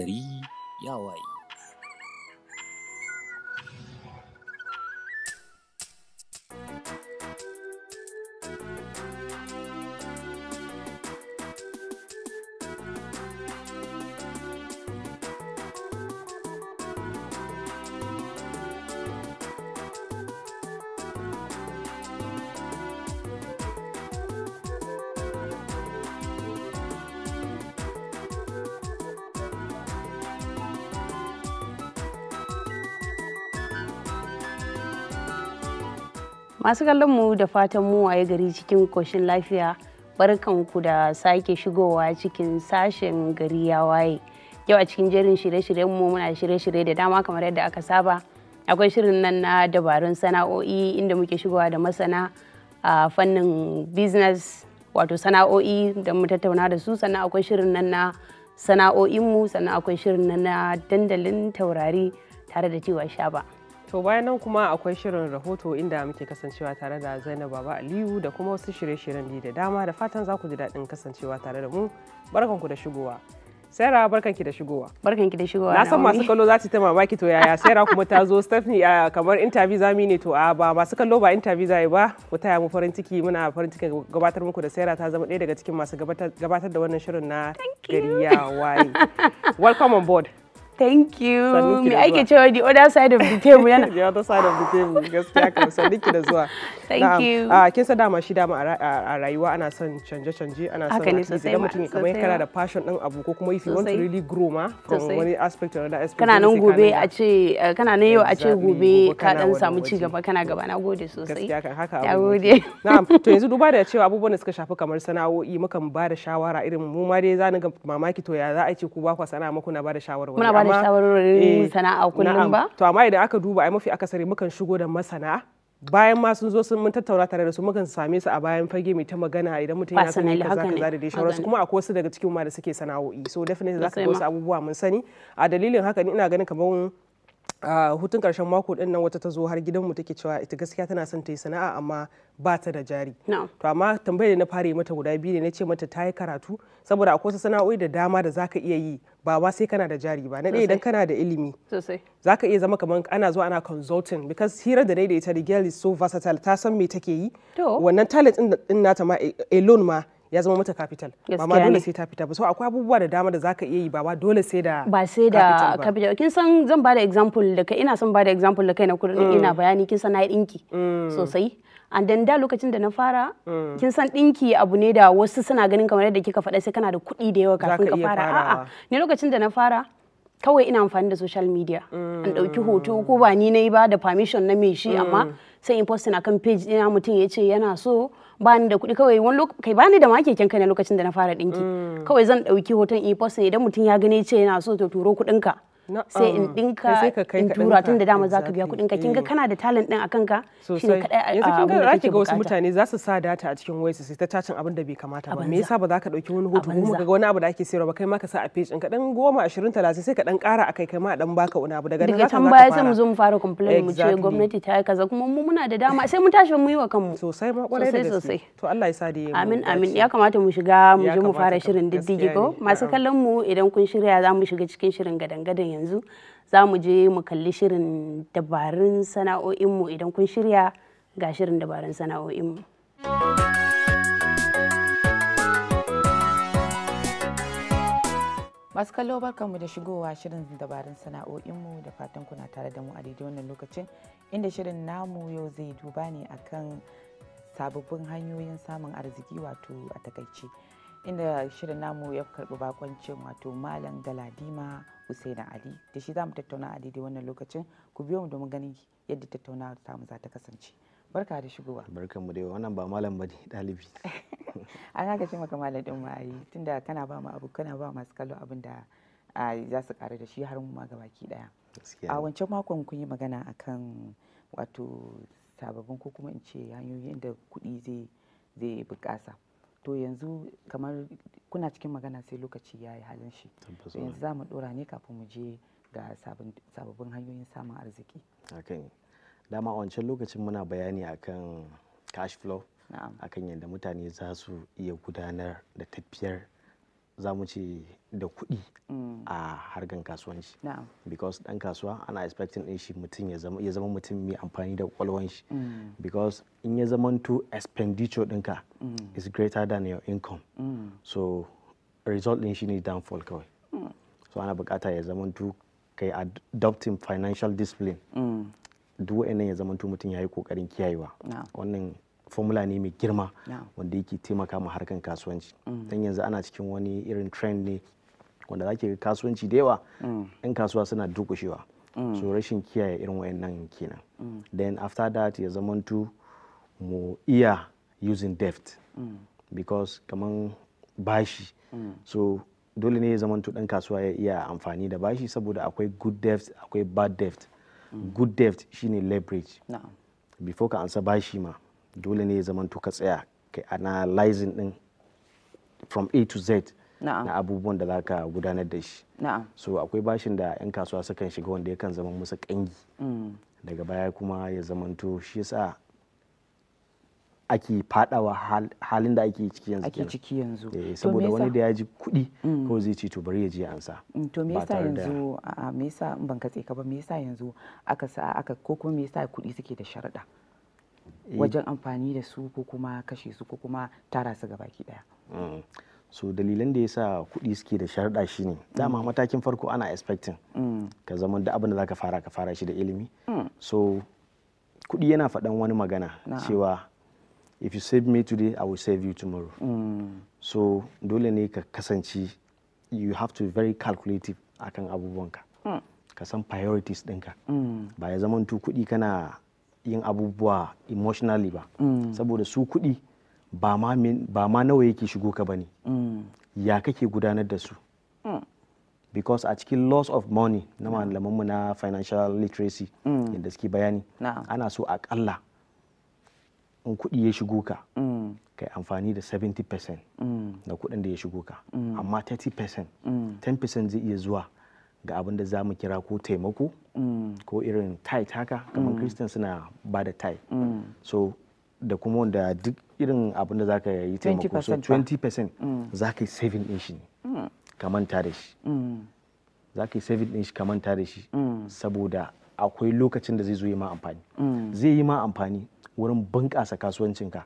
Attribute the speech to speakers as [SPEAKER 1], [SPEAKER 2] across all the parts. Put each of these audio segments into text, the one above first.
[SPEAKER 1] عسكري يا وي
[SPEAKER 2] masu kallon mu da fatan mu a gari cikin koshin lafiya barkan ku da sake shigowa cikin sashen gari ya waye yau a cikin jerin shirye-shiryen mu muna shirye-shirye da dama kamar yadda aka saba akwai shirin nan na dabarun sana'o'i inda muke shigowa da masana a fannin business wato sana'o'i da mu tattauna da su sannan akwai shirin nan na mu sannan akwai shirin nan na dandalin taurari tare da cewa shaba. To bayan nan
[SPEAKER 3] kuma akwai shirin rahoto inda muke kasancewa tare da Zainab Baba Aliyu da kuma wasu shirye-shiryen da dama da fatan za ku ji daɗin kasancewa tare da mu. Barkanku da shigowa. Sarah barkanki da
[SPEAKER 2] shigowa. Barkanki da shigowa. Na san masu
[SPEAKER 3] kallo za su ta mamaki to yaya Sarah kuma ta zo Stephanie a kamar interview za ne to a ba masu kallo ba interview za ba ku taya mu farin ciki muna farin ciki gabatar muku da Sarah ta zama ɗaya daga cikin masu gabatar da wannan shirin na gari waye. Welcome on board.
[SPEAKER 2] Thank you. Me ake cewa the other side of the table yana. the
[SPEAKER 3] other side of the table gaskiya kan sanni ki da zuwa. Thank you. Ah kin san dama shi dama a rayuwa ana son canje canje ana son idan mutum kamar kana da passion din abu ko kuma if you want to really grow ma from one aspect or another aspect. Kana nan gobe a
[SPEAKER 2] ce eh, kana nan yau a ce gobe ka dan samu ci gaba kana gaba na gode sosai. Gaskiya kan haka abu. gode. Na'am to yanzu duba da cewa abubuwan da
[SPEAKER 3] suka shafi kamar sana'o'i mukan ba da shawara irin mu ma dai za ni ga mamaki to ya za a ce ku ba ku sana'a muku na ba da shawarwari. Muna ba da ba shawarorin eh, sana'a kullum ba to amma idan aka duba ai mafi akasari mukan shigo da masana bayan ma sun zo sun mun tattauna tare da su mukan same su a bayan fage mai ta magana idan mutum yana son kaza kaza da dai kuma akwai wasu daga cikin ma da suke sana'o'i so definitely zaka ga wasu abubuwa mun sani a dalilin haka ni ina ganin kamar a hutun karshen mako din nan wata ta zo har gidanmu take cewa ita gaskiya tana son ta yi sana'a amma ba ta da jari to amma tambayar da na fara yi mata guda biyu ne na ce mata ta yi karatu saboda akwai sana'o'i da dama da zaka iya yi ba ma sai kana da jari ba na ɗaya idan kana da ilimi zaka iya zama kamar ana zuwa ana consulting because hira da da ita the girl is so versatile ta san me take yi wannan talent din nata ma alone ma ya zama mata capital ba ma dole sai ta fita ba so akwai abubuwa da dama da zaka iya yi ba ba dole
[SPEAKER 2] sai da ba sai da capital kin san zan bada example da kai ina son bada example da kai na kudin mm. ina bayani kin san na dinki mm. sosai and then da lokacin da na fara mm. kin san dinki abu ne da wasu suna ganin kamar yadda kika faɗa sai kana da kuɗi da yawa kafin ka fara a'a ne lokacin da na fara kawai ina amfani da social media an ɗauki hoto ko ba ni na yi ba da permission na mai shi amma sai in postin akan page ina mutum ya ce yana so ba ni da kuɗi kawai wani lokaci kai ba ni da ma keken kai na lokacin da na fara ɗinki kawai zan ɗauki hoton in postin idan mutum ya gane ce yana so to turo kuɗinka sai in dinka um, in tura tun da dama zaka biya kuɗin ka kin ga kana da talent din akan ka shine kadai yanzu uh, kin ga zaki ga wasu mutane
[SPEAKER 3] za su sa data a cikin wayarsu sai ta cacin abin da bai kamata ba me yasa ba za ka dauki wani hoto kuma ga wani abu da ake sayarwa ba kai ma ka sa a page ɗinka dan goma 20 30 sai ka dan kara akai kai ma dan baka wani abu daga nan za ka fara sai mu zo
[SPEAKER 2] mu fara complain mu ce gwamnati ta yi kaza kuma mu muna da dama sai mun tashi mu yi wa kanmu sosai ma kwarai da gaske to
[SPEAKER 3] Allah ya sa da yi amin
[SPEAKER 2] amin ya kamata mu shiga mu je mu fara shirin diddigi ko masu kallon mu idan kun shirya za mu shiga cikin shirin gadan gadan yanzu za mu je mu kalli shirin dabarun sana'o'inmu idan kun shirya ga shirin dabarun sana'o'inmu. masu kallo barkanmu
[SPEAKER 4] da shigowa shirin dabarun sana'o'inmu da fatan kuna tare da mu a daidai wannan lokacin inda shirin namu yau zai duba ne akan sababbin hanyoyin samun arziki wato a takaice inda shirin namu ya karɓi bakoncin wato malam galadima husaina Ali da shi za mu tattauna a daidai wannan lokacin ku biyo mu domin ganin yadda tattaunawar mu za ta kasance barka da shigowa
[SPEAKER 5] barkan mu dai wannan ba malam bane dalibi
[SPEAKER 4] an haka ce maka malam din ma tunda kana ba mu abu kana ba masu kallo abin da za su karu da shi har mu ma gabaki daya a wancan makon kun yi magana akan wato sababbin ko kuma in ce hanyoyin da kuɗi zai zai bukasa to yanzu kamar kuna cikin magana sai lokaci ya yi halin shi yanzu za mu dora ne kafin mu je ga sababbin hanyoyin samun arziki
[SPEAKER 5] akan dama a wancan lokacin muna bayani akan cash flow akan yadda mutane za su iya gudanar da tafiyar za mu ce da kuɗi mm. a harkan kasuwanci because ɗan kasuwa ana expecting ɗin shi mutum ya zama mutum mai amfani da kwalwan shi mm. because in ya zama to expenditure ɗinka mm. is greater than your income so result din shi ne downfall kawai so ana bukata ya zama to kai adopting financial discipline duk wa'annan ya zama to mutum ya yi ƙoƙarin kiyayewa wannan formula ne mai girma wanda yake taimaka ma harkan kasuwanci mm. dan yanzu ana cikin wani irin trend ne wanda zaki ga kasuwanci da yawa mm. yan kasuwa suna dukushewa mm. so rashin kiyaye irin wayannan kenan then after that ya to mu iya using debt because kaman bashi so dole ne ya zamanto dan kasuwa ya iya amfani da bashi saboda akwai good debt akwai bad debt good debt shine leverage before ka ansa bashi ma dole ne ya zamanto ka tsaya kai analyzing din from a to z na abubuwan da za ka gudanar da shi so akwai bashin da 'yan kasuwa sukan shiga wanda yakan zama musu kangi mm. daga baya kuma ya zamanto shi yasa ake fadawa halin da ake ciki yanzu ake ciki yanzu eh, saboda wani da ya ji kuɗi mm. ko zai ce to bari ya je ansa mm, to me yasa yanzu
[SPEAKER 4] a me yasa ban katse ka ba me yasa yanzu aka sa aka ko kuma me yasa kuɗi suke da sharada. Eh. wajen amfani da su ko kuma kashe su ko kuma tara su
[SPEAKER 5] gabaki daya mm. so dalilan da ya sa kuɗi suke da sharɗa shine mm. dama matakin farko ana expecting mm. ka zama da abin da ka fara ka fara shi da ilimi so kuɗi yana faɗan wani magana cewa if you save me today i will save you tomorrow so dole ne ka kasance you have to be very calculative akan abubuwanka ka san priorities ɗinka ba ya zama kuɗi kana yin abubuwa emotionally ba mm. saboda su kuɗi ba ma nawa yake shigo ka ba ne mm. ya kake gudanar da su mm. because a cikin loss of money na malamanmu na financial literacy inda suke bayani ana so akalla in kuɗi ya shigo ka kai amfani da 70% Na kuɗin da ya shigo ka amma 30% 10% zai iya zuwa ga abin da za mu kira ko taimako mm. ko irin tai taka kamar kristin mm. suna ba da tai mm. so da kuma wanda duk irin abin da za ka yi taimako so 20% za ka yi saving din shi ka manta da shi za ka yi saving din shi ka manta da shi saboda akwai lokacin da zai zo yi ma amfani zai yi ma amfani wurin bunƙasa kasuwancinka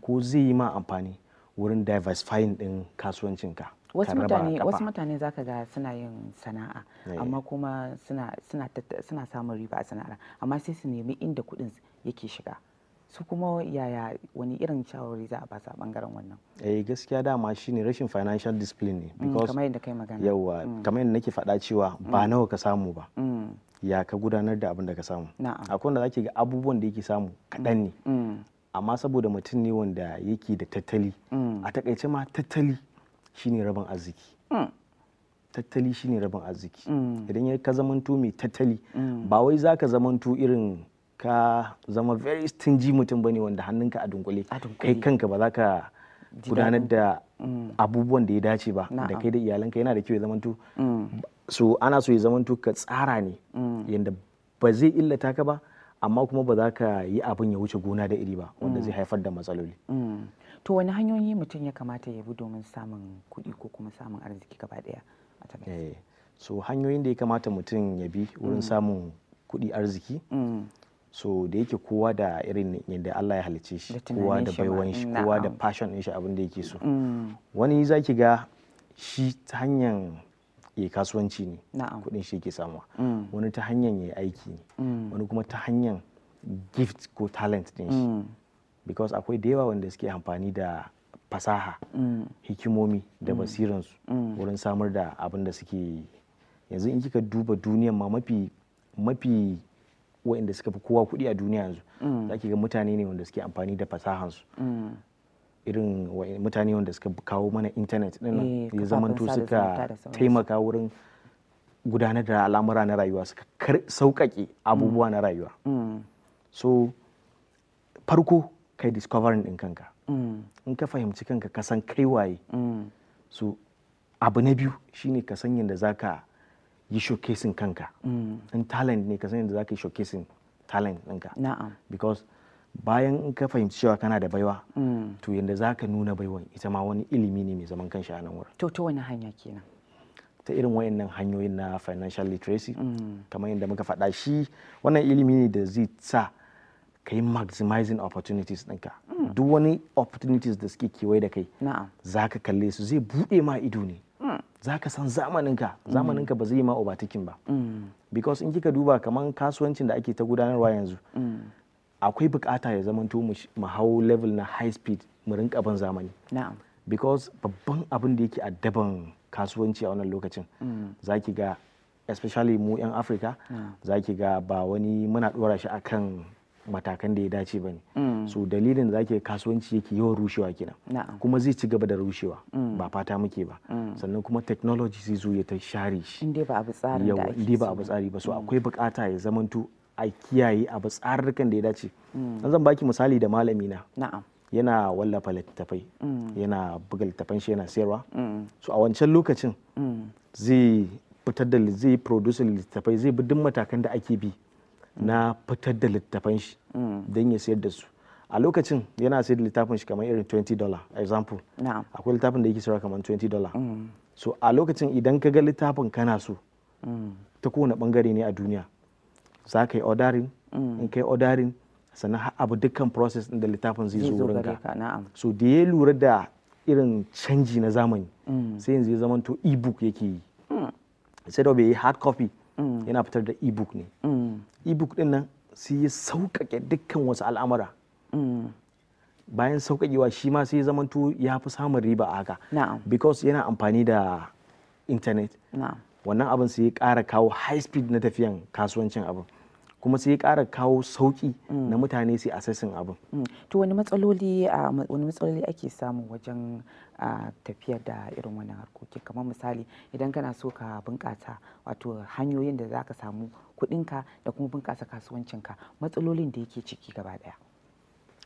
[SPEAKER 5] ko zai yi ma amfani wurin diversifying din kasuwancinka wasu mutane wasu
[SPEAKER 4] mutane zaka ga suna yin sana'a eh. amma kuma suna suna suna samun riba a sana'ar amma sai su nemi inda kuɗin yake shiga su kuma yaya wani irin shawarwari za a ba su a bangaren wannan
[SPEAKER 5] eh gaskiya dama shine rashin financial discipline ne mm, because kamar yadda kai magana yawa mm. kamar yadda nake faɗa cewa ba mm. nawa ka samu ba ya ka gudanar da abin da ka samu akwai wanda zaki ga abubuwan da yake samu kaɗan ne amma saboda mutum ne wanda yake da tattali a takaice ma tattali shine rabin arziki hmm. tattali shine rabin arziki hmm. idan ya ka zamanto mai tattali hmm. ba wai za ka zamanto irin ka zama very stingy mutum bane wanda hannunka a dunkule kai kanka ba za ka gudanar da abubuwan da ya dace ba da kai da iyalanka yana da kyau ya zamanto so ana so ya zamanto ka tsara ne yadda ba zai illata ka ba amma kuma ba za ka yi abin ya wuce gona da iri ba wanda zai haifar da matsaloli
[SPEAKER 4] to wani hanyoyi mutum ya kamata ya bi domin samun kuɗi ko kuma samun arziki gaba daya
[SPEAKER 5] a eh, so hanyoyin da ya kamata mutum ya bi wurin mm. samun kuɗi arziki mm. so da yake kowa da irin yadda Allah ya halice shi kowa da baiwan shi kowa da passion shi abin da yake so mm. wani za ki ga shi ta hanyar ya kasuwanci ne kuɗin shi yake samuwa wani ta hanyar ya aiki ne wani kuma ta hanyar gift ko talent din shi because akwai da yawa wanda suke amfani da fasaha mm. hikimomi da mm. basiransu mm. wurin samar da abin da suke yi yanzu in kika duba duniyan ma mafi mafi wa'inda suka fi kowa kuɗi a duniya yanzu za ki ga mutane ne wanda suke amfani da fasahansu irin mutane wanda suka kawo mana intanet din eh, ya zamanto suka taimaka wurin gudanar da al'amura na rayuwa suka sauƙaƙe abubuwa na rayuwa so farko kai discovering din kanka mm. in ka fahimci kanka ka san kai waye mm. so abu na biyu shine ka san yadda zaka yi showcasing kanka mm. in talent ne ka san yadda zaka yi showcasing talent ɗinka na'am because bayan in ka fahimci cewa kana da baiwa to yadda zaka nuna baiwan ita ma wani ilimi ne mai zaman kanshi a nan wurin to wani hanya kenan ta irin wayannan hanyoyin na financial literacy kamar yadda muka faɗa shi wannan ilimi ne da zai sa ka yi maximizing opportunities ɗinka hmm. duk wani opportunities da suke kewaye da kai za ka kalle su zai buɗe ma ido ne hmm. za ka san zamaninka hmm. zamaninka ba zai yi ma obatikin ba because in kika duba kamar kasuwancin da ake ta gudanarwa yanzu akwai bukata ya zamanto mu hau level na high speed mu rinka ban zamani because babban abin da yake addaban kasuwanci a wannan lokacin za ki ga especially mu 'yan afirka za ki ga ba wani muna ɗora shi akan matakan da ya dace ba ne mm. so dalilin da zake kasuwanci yake yawan rushewa kina. kuma zai ci gaba da rushewa mm. ba fata muke ba mm. sannan kuma technology zai zo ya ta share shi inda ba abu tsari da ake ba abu tsari ba so akwai bukata ya zamanto a kiyaye abu tsarurrukan da ya dace An zan baki misali da malami na na'am yana wallafa littattafai yana buga littafan shi yana sayarwa so a wancan lokacin zai fitar da zai produce littattafai zai bi duk matakan da ake bi na fitar da littafan shi mm. don ya sayar da su a lokacin yana sayar da littafin shi kamar irin 20 dollar example akwai littafin da yake sayarwa kamar 20 dollar mm. so a lokacin idan ka ga littafin kana so mm. ta kowane bangare ne a duniya za ka yi ordering in ka yi ordering sannan abu dukkan process da littafin zai zo wurin ka so da ya lura da irin canji na zamani sai yanzu ya zamanto e-book yake yi sai da bai yi hard copy Mm. yana fitar da ebook ne mm. ebook din nan sai ya sauƙaƙe dukkan wasu al'amura mm. bayan sauƙaƙewa shi ma sai ya zamanto ya fi samun riba a haka because yana amfani da internet wannan abin sai ya ƙara kawo high speed na tafiyan kasuwancin abin kuma sai ya ƙara kawo sauƙi na mutane sai assessing abin
[SPEAKER 4] to ah, wani matsaloli ake samu wajen a tafiyar da irin wannan harkoki, kamar misali idan kana so ka bunƙasa wato hanyoyin da za ka samu kuɗinka da kuma bunƙasa kasuwancinka matsalolin da yake ciki gaba ɗaya.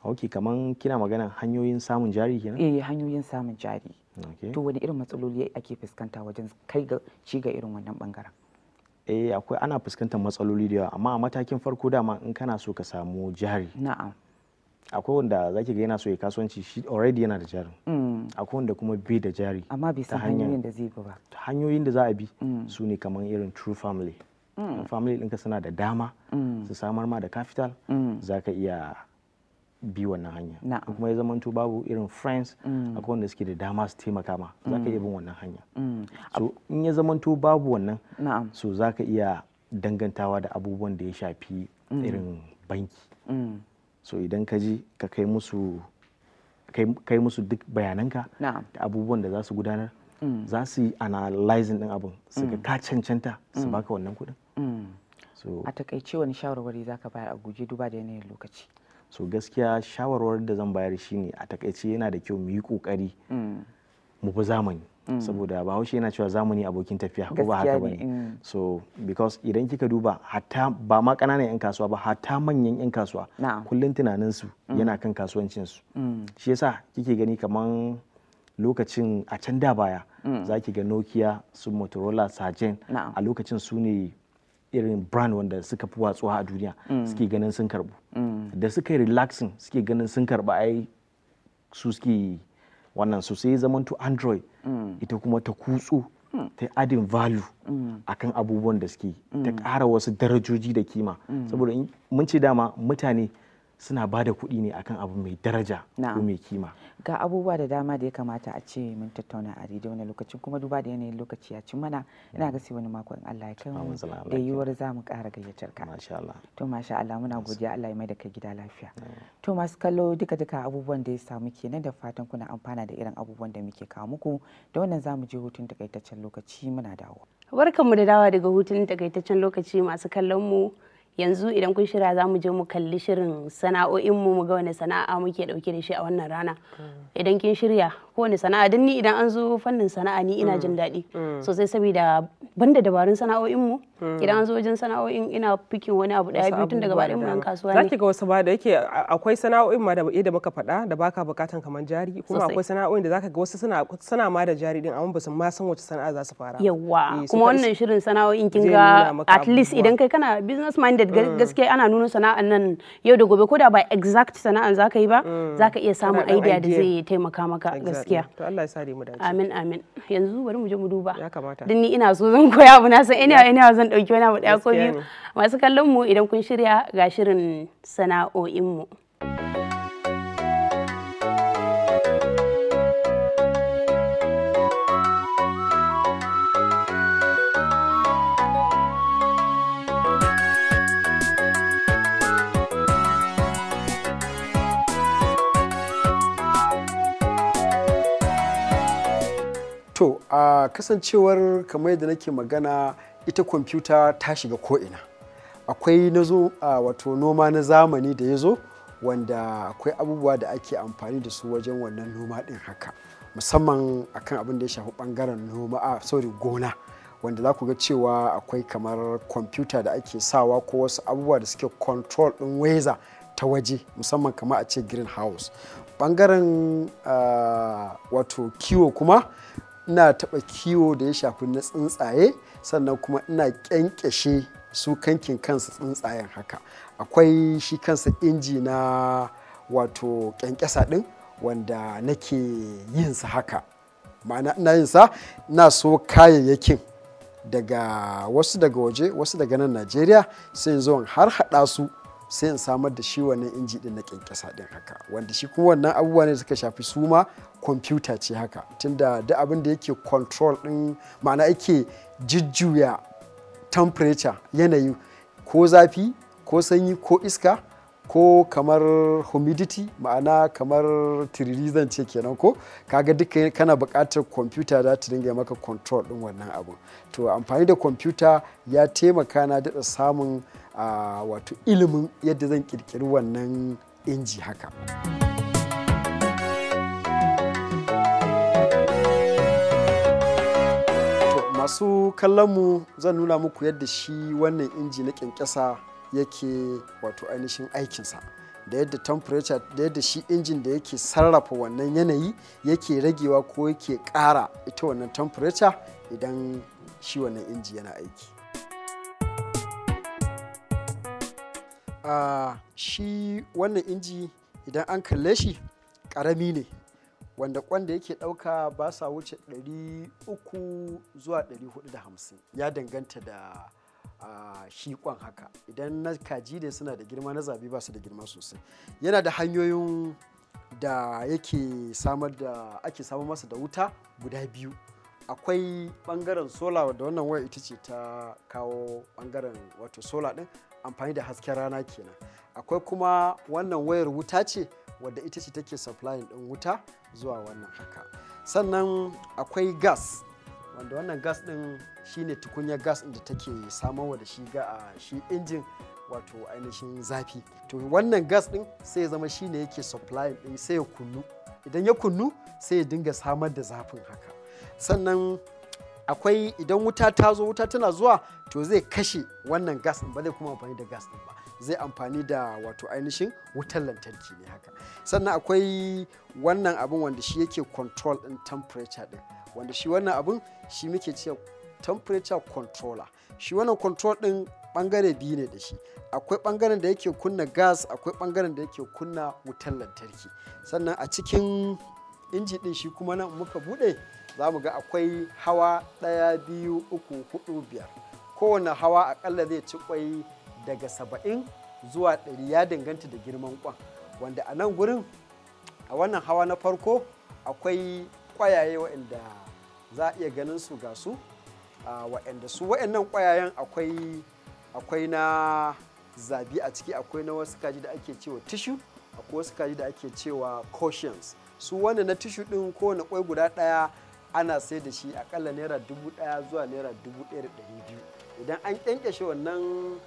[SPEAKER 5] ok kaman kina magana hanyoyin samun jari kenan eh
[SPEAKER 4] hanyoyin samun jari to wani irin matsaloli ake fuskanta wajen kai ga ci ga irin wannan bangaren
[SPEAKER 5] eh akwai ana fuskantar matsaloli da yawa amma a matakin farko dama in kana so ka samu jari na'am akwai wanda ki ga yana so ya kasuwanci shi already yana da jari mm. akwai wanda kuma bai da jari amma bai san hanyoyin da zai ba hanyoyin da za a bi mm. su ne kamar irin true family mm. family ɗinka suna da dama su samar ma da capital za ka iya bi wannan hanya kuma ya zamanto babu irin friends akwai wanda suke da dama su taimaka ma za ka iya bin wannan hanya so in ya zamanto babu wannan so za ka iya dangantawa da abubuwan da ya shafi irin banki so idan ka ji ka kai musu kai musu duk bayananka da abubuwan da za su gudanar mm. za su yi analyzing din abin su mm. ka cancanta su mm. baka wannan kuɗin a
[SPEAKER 4] takaice wani shawarwari za ka bayar a guje duba da yanayin
[SPEAKER 5] lokaci so gaskiya shawarwar da zan bayar shi ne a takaice yana da kyau mu yi kokari mu bi zamani Mm. saboda ba bahaushe yana cewa zamani abokin tafiya ko ba haka bane mm. so because idan kika duba hatta ba ma kananan yan kasuwa ba hatta manyan yan kasuwa kullun tunanin su mm. yana kan kasuwancin su shi yasa kike gani kaman lokacin a can da baya zaki ga nokia su motorola sajen a lokacin su ne irin brand wanda suka fi watsuwa a duniya suke ganin sun karbu da suka yi relaxing suke ganin sun karba ai su suke wannan su sai zamanto android mm. ita kuma ta kutsu mm. ta adin value mm. akan abubuwan da suke ta ƙara wasu darajoji da kima saboda mun ce dama mutane suna ba da kuɗi ne akan abu mai daraja ko mai kima
[SPEAKER 4] ga abubuwa da dama da ya kamata a ce mun tattauna a rediyo wani lokacin kuma duba da yanayin lokaci ya ci mana ina ga sai wani mako in Allah ya kai da yiwuwar za mu ƙara gayyatar ka masha Allah to masha Allah muna godiya Allah ya mai da kai gida lafiya to masu kallo duka duka abubuwan da ya samu kenan da fatan kuna amfana da irin abubuwan da muke kawo muku da wannan za mu je hutun takaitaccen lokaci muna dawo
[SPEAKER 2] barkanmu da dawa daga hutun takaitaccen lokaci masu kallon mu yanzu idan kun shirya za mu je mu kalli shirin sana'o'in mu ga wani sana'a muke dauke da shi a wannan rana idan kin shirya ko wani sana'a dan ni idan an zo fannin sana'a ni ina jin daɗi sosai saboda banda dabarun sana'o'in mu idan an zo wajen sana'o'in ina fikin wani abu daya biyu tun daga baɗin mu kasuwa ne zaki ga wasu
[SPEAKER 3] ba da yake akwai sana'o'in ma da yadda muka faɗa da baka bukatan kamar jari kuma akwai sana'o'in da zaka ga wasu suna suna ma da jari din amma ba su ma san wace sana'a za su fara yawa eh, kuma wannan
[SPEAKER 2] shirin sana'o'in kin ga at least idan kai kana business minded da mm. gaskiya ana nuna sana'an nan yau da gobe ko da ba exact sana'an zaka yi ba mm. zaka iya samun idea da zai taimaka maka gaskiya to Allah ya sa mu dace amin amin yanzu bari mu je mu duba ya kamata din ni ina so zan koya abu na san ina ina zan dauki wani abu daya ko biyu masu kallon mu idan kun shirya ga shirin sana'o'in mu
[SPEAKER 6] a kasancewar kamar yadda nake magana ita kwamfuta ta shiga ko'ina akwai na zo wato noma na zamani da ya zo wanda akwai abubuwa da ake amfani da su wajen wannan noma ɗin haka musamman akan abin da ya shafi ɓangaren noma a sauri gona wanda za ku ga cewa akwai kamar kwamfuta da ake sawa ko wasu abubuwa da suke control ɗin weza ta waje musamman kamar a ce greenhouse ɓangaren uh, wato kiwo kuma ina taɓa kiwo da ya shafi na tsuntsaye sannan kuma ina ƙyanƙyashe su kankin kansa tsuntsayen haka akwai shi kansa inji na wato ƙyanƙyasa ɗin wanda nake yinsa haka ma'ana ina yinsa ina so kayayyakin daga wasu daga waje wasu daga nan najeriya sai zuwa har haɗa su sai in samar da shi wannan inji din na kyankyasa din haka wanda shi kuma wannan abubuwa ne suka shafi su ma kwamfuta ce haka tunda duk abin da yake control din ma'ana yake jujjuya temperature yanayi ko zafi ko sanyi ko iska ko kamar humidity ma'ana kamar tiriri zan ce kenan ko kaga duka kana buƙatar kwamfuta za ta dinga maka control din wannan abu to amfani da kwamfuta ya taimaka na daɗa samun wato ilimin yadda zan kirkiri wannan inji haka. masu mu zan nuna muku yadda shi wannan inji na kyankyasa yake wato ainihin aikinsa da yadda temperature da yadda shi injin da yake sarrafa wannan yanayi yake ragewa ko yake ƙara ita wannan temperature idan shi wannan inji yana aiki uh, shi wannan inji idan an kalle shi ƙarami ne wanda kwan da yake ɗauka ba sa wuce 300 zuwa 450 ya danganta da shi kwan haka idan na kaji ne suna da girma na zabi ba su da girma sosai yana da hanyoyin da yake samar da ake samar masa da wuta guda biyu akwai bangaren sola da wannan waya ita ce ta kawo bangaren wato sola din amfani da hasken rana kenan akwai kuma wannan wayar wuta ce wadda ita ce take supplying din wuta zuwa wannan haka sannan akwai gas wanda wannan gas din shine tukunyar gas da take samarwa da shi ga a shi injin wato ainihin zafi to wannan gas din sai ya zama shine yake supply din sai ya kunnu idan ya kunnu sai ya dinga samar da zafin haka sannan akwai idan wuta ta zo wuta tana zuwa to zai kashe wannan gas ba zai kuma amfani da gas ba zai amfani da wato ainihin wutar lantarki ne haka sannan akwai wannan abin wanda shi yake control in temperature din wanda shi wannan abin shi muke cewa temperature controller shi wannan control din bangare biyu ne da shi akwai bangaren da yake kunna gas akwai bangaren da yake kunna wutar lantarki sannan a cikin inji din shi kuma nan muka bude. za mu ga akwai hawa ɗaya biyu uku hudu biyar kowane hawa akalla zai ci kwai daga saba'in zuwa ɗari ya danganta da girman kwan wanda a nan gurin a wannan hawa na farko akwai kwayaye waɗanda za a iya ganin su ga su waɗanda su waɗannan kwayayen akwai akwai na zabi a ciki akwai na wasu kaji da ake cewa tishu akwai wasu kaji da ake cewa cautions su wanda na tishu ɗin kowane kwai guda ɗaya ana sai da shi akalla naira dubu daya zuwa naira dubu daya da ɗari biyu idan an kyankyashe wannan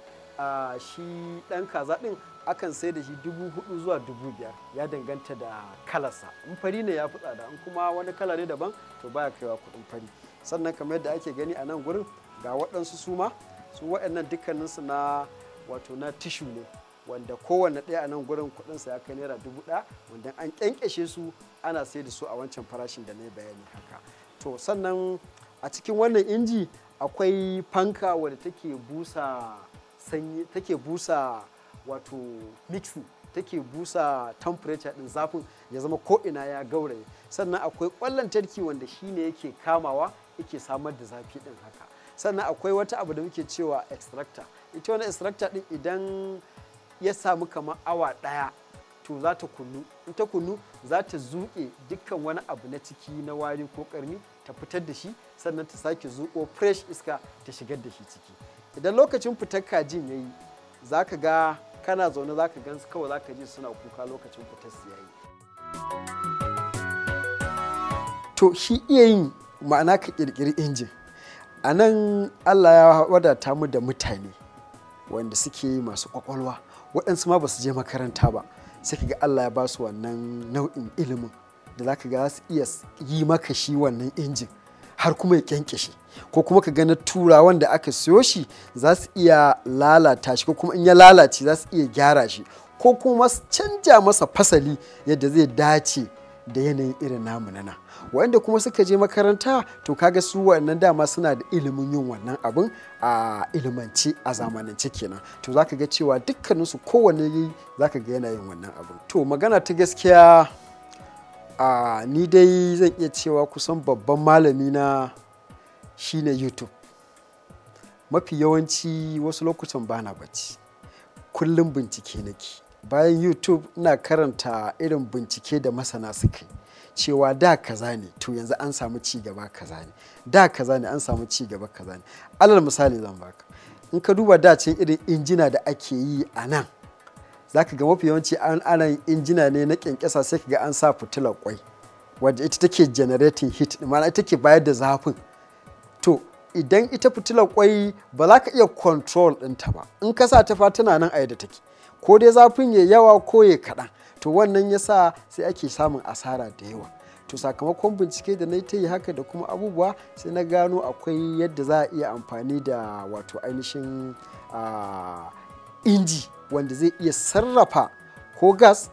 [SPEAKER 6] shi ɗan kaza ɗin akan sai da shi dubu hudu zuwa dubu biyar ya danganta da kalarsa in fari ne ya fi tsada in kuma wani kala ne daban to baya kaiwa kuɗin fari sannan kamar yadda ake gani a nan gurin ga waɗansu suma su waɗannan dukkaninsu na wato na tishu ne wanda kowane ɗaya a nan gurin kuɗinsa ya kai naira dubu ɗaya wanda an ƙyanƙyashe su ana sai da su a wancan farashin da na yi bayani haka to sannan a cikin wannan inji akwai fanka wadda take busa sanyi take busa wato mixing take busa temperature din zafin ya zama ko ina ya gauraye sannan akwai ƙwallon tarki wanda shine yake kamawa yake samar da zafi ɗin haka sannan akwai wata abu da muke cewa extractor ita wannan extractor ɗin idan ya samu kamar awa ɗaya to za ta kunu in ta kunu za ta zuƙe dukkan wani abu na ciki na wari ko ƙarni ta fitar da shi sannan ta sake zuƙo fresh iska ta shigar da shi ciki idan lokacin fitar kajin ya yi za ka ga kana zaune za ka gansu kawai za ka ji suna kuka lokacin fitar su ya yi to shi iya yin ma'ana ka ƙirƙiri injin a nan allah ya wadata mu da mutane wanda suke masu ƙwaƙwalwa waɗansu ma ba su je makaranta ba sai ka ga Allah ya ba su wannan nau'in ilimin da za ka ga su iya yi maka shi wannan injin har kuma ya kyankyashe ko kuma ka gani tura wanda aka siyo shi za su iya lalata shi ko kuma in ya lalace za su iya gyara shi ko kuma su canja masa fasali yadda zai dace da yanayin irin namu nana wanda kuma suka je makaranta to kaga su wannan dama suna da ilimin yin wannan abin a ilimanci a zamanance kenan to zaka ga cewa dukkaninsu kowanne zaka ga yana yin wannan abin to magana ta gaskiya a ni dai zan iya cewa kusan babban malami na shine youtube mafi yawanci wasu lokutan bana bacci kullum bincike nake bayan youtube ina karanta irin bincike da masana suka cewa da kaza ne to yanzu an samu ci gaba kaza ne da kaza ne an samu ci gaba kaza ne alal misali zan baka in ka duba dacin irin injina da ake yi a nan za ka ga mafi yawanci an ana injina ne na kyankyasa sai ka ga an sa fitilar kwai wadda ita take generating heat ma'ana ita take bayar da zafin to idan ita fitilar kwai ba za ka iya control ɗinta ba in ka sa ta fa tana nan a yadda take ko dai zafin ya yawa ko ya kaɗan to wannan ya sa sai ake samun asara da yawa to sakamakon bincike da na ta yi haka da kuma abubuwa sai na gano akwai yadda za a iya amfani da wato ainihin inji wanda zai iya sarrafa ko gas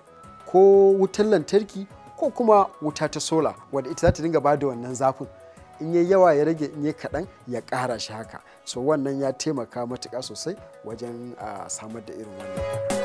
[SPEAKER 6] ko wutar lantarki ko kuma wuta ta sola wadda ita za ta dinga ba da wannan zafin in ya yawa ya rage in ya kaɗan ya ƙara shi haka so wannan ya taimaka matuƙa sosai wajen ah, samar da irin wannan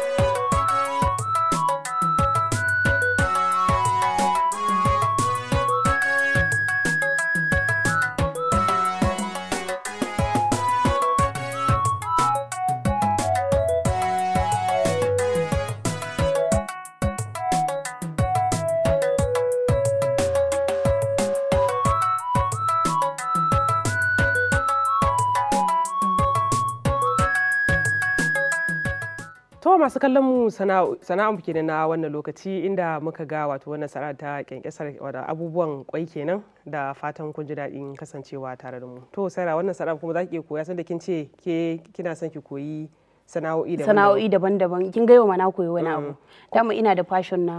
[SPEAKER 3] masu kallon mu sana'ar mu kenan na wannan lokaci inda muka ga wato wannan sana'a ta kyankyasar da abubuwan kwai kenan da fatan kun ji daɗin kasancewa tare da mu to sara wannan sana'a kuma za ki iya koya sanda kin ce ke kina son ki koyi sana'o'i daban
[SPEAKER 2] daban kin gaiwa mana koyi wani mm. abu dama ina da fashon na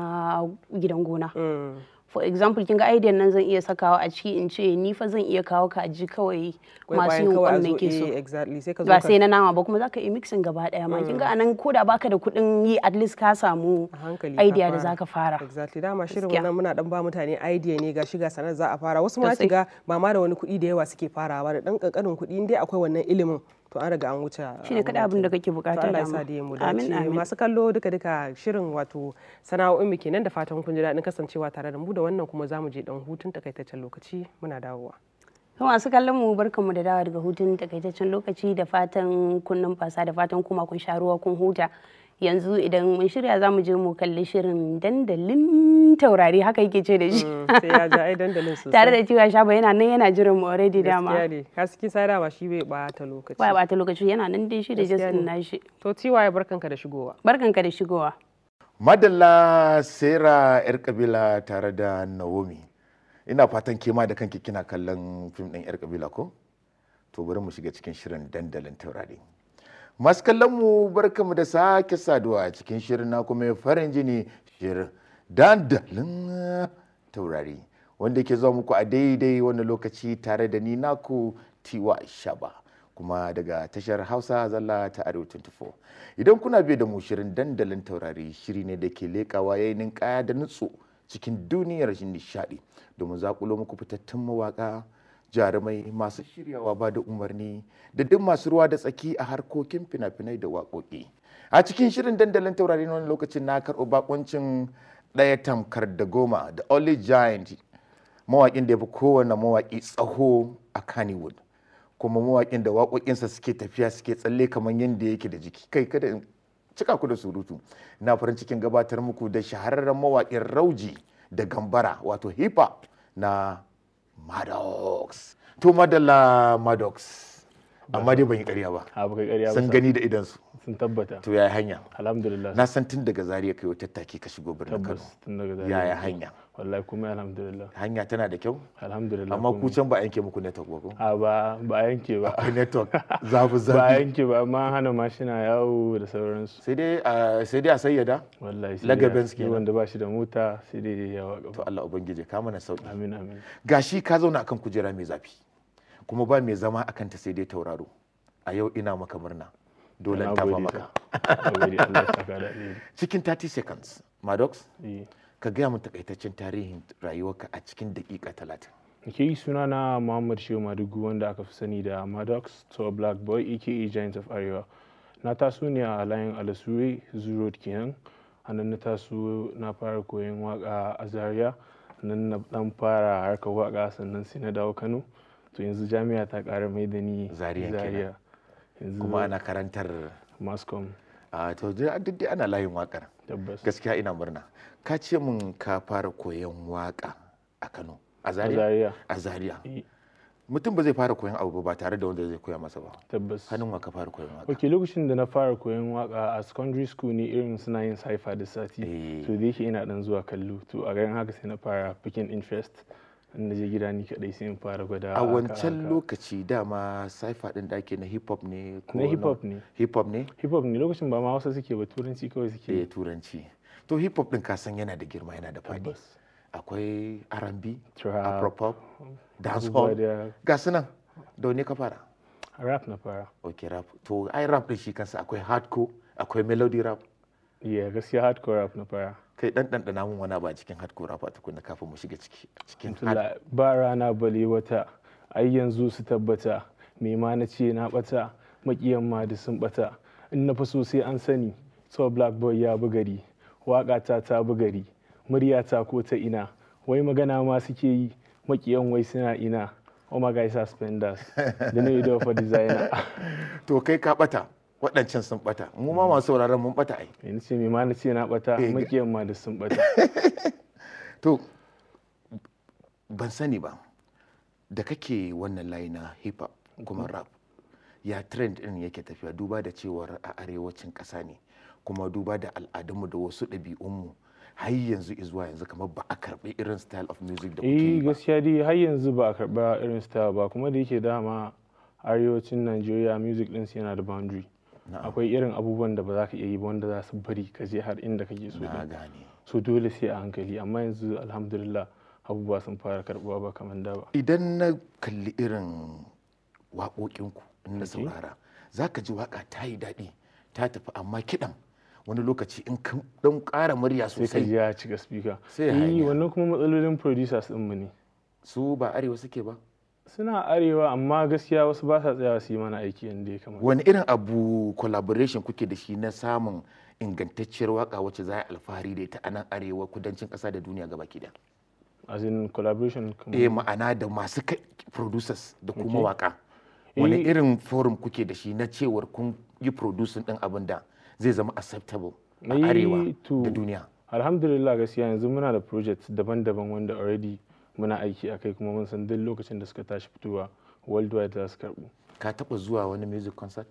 [SPEAKER 2] gidan gona mm. for example kinga idea nan zan iya sakawa a ciki in ce ni fa zan iya kawo kaji kawai masu yin kwan ke so
[SPEAKER 3] eh, ba sai na nama
[SPEAKER 2] ba kuma zaka yi mixing gaba daya ma kinga mm. anan ko da baka da kuɗin yi at least ka
[SPEAKER 3] samu idea da zaka fara exactly dama shirin wannan muna dan ba mutane idea ne ga shiga sanar za a fara wasu ma kiga ba ma da wani kuɗi da yawa suke farawa da dan kankanin kudi in dai akwai wannan ilimin to an riga an wuce shi ne kada abin da kake bukata da Allah ya mu amin amin masu kallo duka duka shirin wato sana'o'in mu nan da fatan kun ji daɗin kasancewa tare da mu da wannan kuma zamu je dan hutun takaitaccen
[SPEAKER 2] lokaci muna dawowa to masu kallon mu barkanmu da dawa daga hutun takaitaccen lokaci da fatan kun numfasa da fatan kuma kun sha ruwa kun huta yanzu idan mun shirya za mu je mu kalli shirin dandalin taurari haka yake ce da shi mm, sai ya ja
[SPEAKER 3] ai dandalin sosai tare da cewa
[SPEAKER 2] shaba yana nan yana jiran mu already dama gaskiya ne
[SPEAKER 3] haski sadawa shi bai bata lokaci bai bata
[SPEAKER 2] lokaci yana nan dai shi da na nashi to ya barkanka da shigowa barkanka da shigowa
[SPEAKER 7] madalla sera yar kabila tare da naomi ina fatan ma da kanki kina kallon fim din yar kabila ko to bari mu shiga cikin shirin dandalin taurari mu barkamu da sake saduwa cikin shirin na kuma farin jini shirin dandalin taurari wanda ke zuwa muku a daidai wani lokaci tare da ni naku tiwa shaba kuma daga tashar hausa zalla ta arewa 24 idan kuna biye da mu shirin dandalin taurari shiri ne da ke lekawa yayin kaya da nutsu cikin duniyar nishaɗi domin zakulo muku fitattun mawaƙa jarumai masu shiryawa ba da umarni da duk masu ruwa da tsaki a harkokin fina-finai da waƙoƙi a cikin shirin dandalin taurari na wani lokacin na karɓo bakoncin ɗaya tamkar da goma da only giant mawaƙin da ya fi kowane mawaƙi tsaho a kannywood kuma mawaƙin da waƙoƙinsa suke tafiya suke tsalle kamar yadda yake da jiki kai kada in cika ku da surutu na farin cikin gabatar muku da shahararren mawaƙin rauji da gambara wato hip hop na
[SPEAKER 8] maddox
[SPEAKER 7] to madalla maddox amma dai ban yi ƙarya ba sun gani da su.
[SPEAKER 8] sun tabbata to yaya hanya alhamdulillah na san
[SPEAKER 7] tun daga zariya kai tattaki ka shigo birnin Kano yaya hanya wallahi kuma alhamdulillah hanya tana da kyau
[SPEAKER 8] alhamdulillah amma ku can ba a yanke muku network ba ko a ba ba a yanke ba akwai network zafi zafi ba a yanke ba amma hana mashina yawo da sauransu sai dai sai dai a sayyada wallahi sai lagaben ski wanda ba shi da mota sai dai ya yawa to Allah ubangije ka mana sauki amin amin
[SPEAKER 7] gashi ka zauna akan kujera mai zafi kuma ba mai zama akan ta sai dai tauraro a yau ina maka murna dole ta ba maka cikin 30
[SPEAKER 8] seconds madox yeah. ka gaya mu takaitaccen tarihin rayuwarka a cikin daƙiƙa talatin ke yi suna na muhammad shehu madugu wanda aka fi sani da maddox to black boy aka giant of arewa na taso ne a layin alasure zoo road kenan a nan na taso na fara koyon waka a zaria nan na dan fara harkar waka sannan sai na dawo kano to yanzu jami'a ta kara mai da ni zaria kuma ana karantar mascom a ah, to duk ana layin wakar
[SPEAKER 7] gaskiya ina murna ka ce mun ka fara koyon waka a Kano a Zaria mutum ba zai fara koyon abu ba tare da wanda zai koya masa ba tabbas hannun waka fara koyon waka
[SPEAKER 8] ok lokacin da na fara koyon waka a secondary school ne irin suna yin saifa da sati eh. to da yake ina dan zuwa kallo to a gayan haka sai na fara picking interest in na je gida ni kadai sai in fara gwada a wancan lokaci dama saifa din da ake na hip hop ne ko na hip hop ne hip hop ne hip hop ne lokacin ba ma wasu suke ba turanci kawai suke eh turanci
[SPEAKER 7] to hip hop din ka san yana da girma yana da fadi akwai R&B afropop dancehall ga sunan da wani ka fara
[SPEAKER 8] rap na fara
[SPEAKER 7] okay rap to ai rap din shi kansa akwai hardcore akwai melody rap yeah gaskiya hardcore rap na fara kai dan dan namun wani ba cikin hardcore rafa tukuna kafin mu shiga ciki cikin
[SPEAKER 8] ba rana bale wata ai yanzu su tabbata me ma na ce na bata makiyan ma da sun bata in na faso sai an sani to black boy ya bugari waƙata ta ta bugari murya ta ko ta ina wai magana ma suke yi makiyan wai suna ina oh my guys suspenders the new idol for designer to kai ka bata waɗancan sun bata mu ma mm. masu sauraron mun bata ai in eh, ce mai ma na ce na bata eh, makiyan ma da sun bata to ban sani
[SPEAKER 7] ba da kake wannan layi na hip hop kuma mm. rap ya trend din yake tafiya duba da cewar a arewacin ƙasa ne kuma duba da al'adunmu da wasu ɗabi'unmu har yanzu zuwa yanzu kamar ba a karɓi irin style of music da kuke yi eh, ba
[SPEAKER 8] gaskiya dai har yanzu ba a karɓa irin style ba kuma da yake dama arewacin Najeriya music din yana da boundary akwai irin abubuwan da ba za ka iya yi ba wanda za su bari ka je har inda kake so so dole sai a hankali amma yanzu alhamdulillah abubuwa sun fara karbuwa ba kamar da ba idan na kalli irin waƙoƙinku in na saurara
[SPEAKER 7] za ka ji waƙa ta yi daɗi ta tafi amma kiɗan wani lokaci in ka ɗan ƙara murya sosai sai ka ji
[SPEAKER 8] ya cika speaker sai eh, wannan kuma matsalolin producers din mu ne su ba arewa suke ba suna arewa amma gaskiya wasu ba sa tsayawa su yi mana aiki yadda ya kamata wani
[SPEAKER 7] irin abu collaboration kuke da shi na samun ingantacciyar waka wacce za a alfahari da ita a nan arewa kudancin kasa da duniya gaba ki
[SPEAKER 8] as in collaboration kuma eh
[SPEAKER 7] ma'ana da masu producers da kuma waka wani eh. irin forum kuke da shi na
[SPEAKER 8] cewar kun yi producing din abin da zai zama acceptable a arewa da duniya alhamdulillah gaskiya yanzu muna da project daban-daban wanda already muna aiki a kai kuma mun san duk lokacin da suka tashi fitowa worldwide za su karbu ka taba zuwa wani music concert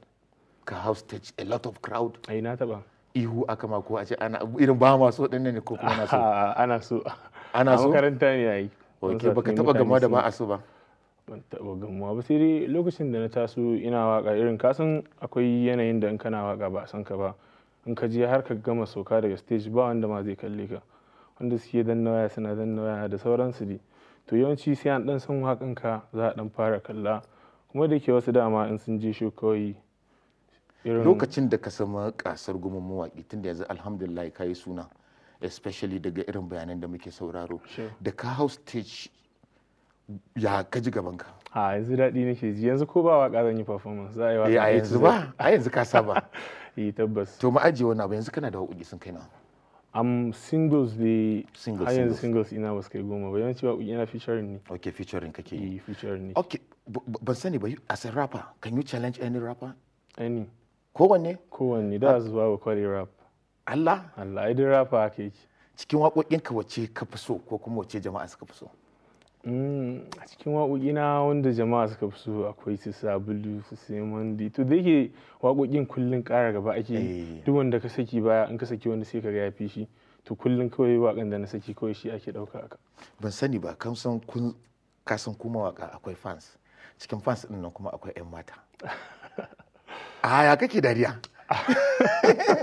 [SPEAKER 8] ka house stage a lot of crowd ai na taba ihu aka ma ko a ce ana irin
[SPEAKER 7] ba ma so din
[SPEAKER 8] ne ko kuma na so ana so ana so karanta ne yayi okay baka taba gama da ba a so ba ban taba gamuwa ba sai dai lokacin da na taso ina waka irin kasan akwai yanayin da in kana waka ba a san ka ba in ka je har ka gama soka daga stage ba wanda ma zai kalle ka wanda suke danna waya suna danna waya da sauransu dai to yawanci sai an ɗan san waƙinka za a ɗan fara kalla kuma da ke wasu dama in sun je shi kawai lokacin da ka sama kasar gumin mawaƙi da yanzu alhamdulillah ka yi suna
[SPEAKER 7] especially daga irin bayanan da muke sauraro da ka hau stage
[SPEAKER 8] ya ka ji gaban ka a yanzu daɗi nake ji yanzu ko ba waka zan yi performance za a yi waka eh, a yanzu ba a yanzu ka saba yi eh, tabbas to ma'aji wani abu yanzu kana da waƙoƙi sun kai na am singles da singles har yanzu singles ina ba su kai goma ba yawanci ba ina featuring ne ok featuring kake yi eh, featuring ne
[SPEAKER 7] ok ban sani ba as a rapper can you challenge any rapper any
[SPEAKER 8] kowanne kowanne da ah. su ba kware rap Allah Allah idan rapper
[SPEAKER 7] ake yi cikin ka wacce ka fi so ko kuma wacce
[SPEAKER 8] jama'a suka fi so Mm, a cikin waƙoƙina wanda jama'a suka fi so akwai su sabulu su sai to da yake waƙoƙin kullum ƙara gaba ake eh. duk wanda ka saki baya in ka saki wanda sai ka ga ya shi to kullum kawai waƙan da na saki kawai shi ake ɗauka aka ban sani ba kan san kun
[SPEAKER 7] ka san kuma waƙa akwai fans cikin fans ɗin nan kuma akwai 'yan mata a ya kake dariya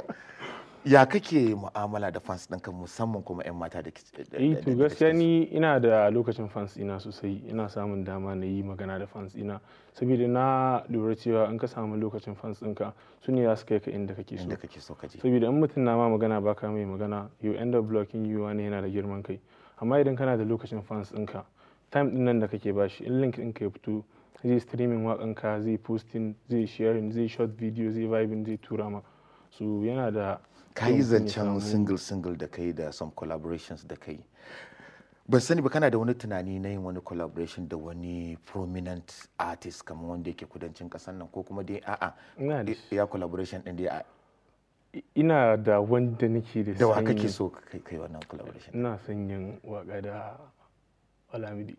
[SPEAKER 7] ya kake mu'amala da
[SPEAKER 8] fans ɗinka musamman kuma 'yan mata da kike eh, to gaskiya ni ina da lokacin fans ina sosai ina samun dama na yi magana da fans ina saboda na lura cewa in ka samu lokacin fans ɗinka su ne za su kai ka inda kake so inda kake saboda in mutum na ma magana baka mai magana you end up blocking you wani yana da girman kai amma idan kana da lokacin fans ɗinka time ɗin nan da kake bashi in link ɗinka ya fito zai streaming waƙanka zai posting zai sharing zai short video zai vibing zai tura ma so yana da ka yi zancen single
[SPEAKER 7] single da kai da some collaborations da kai ban sani ba kana da wani tunani na yin wani collaboration da wani prominent artist kamar wanda yake kudancin kasar nan ko kuma dai a'a ya collaboration din dai
[SPEAKER 8] ina da wanda nake da da wa kake so
[SPEAKER 7] kai wannan collaboration ina son yin
[SPEAKER 8] waka da Olamide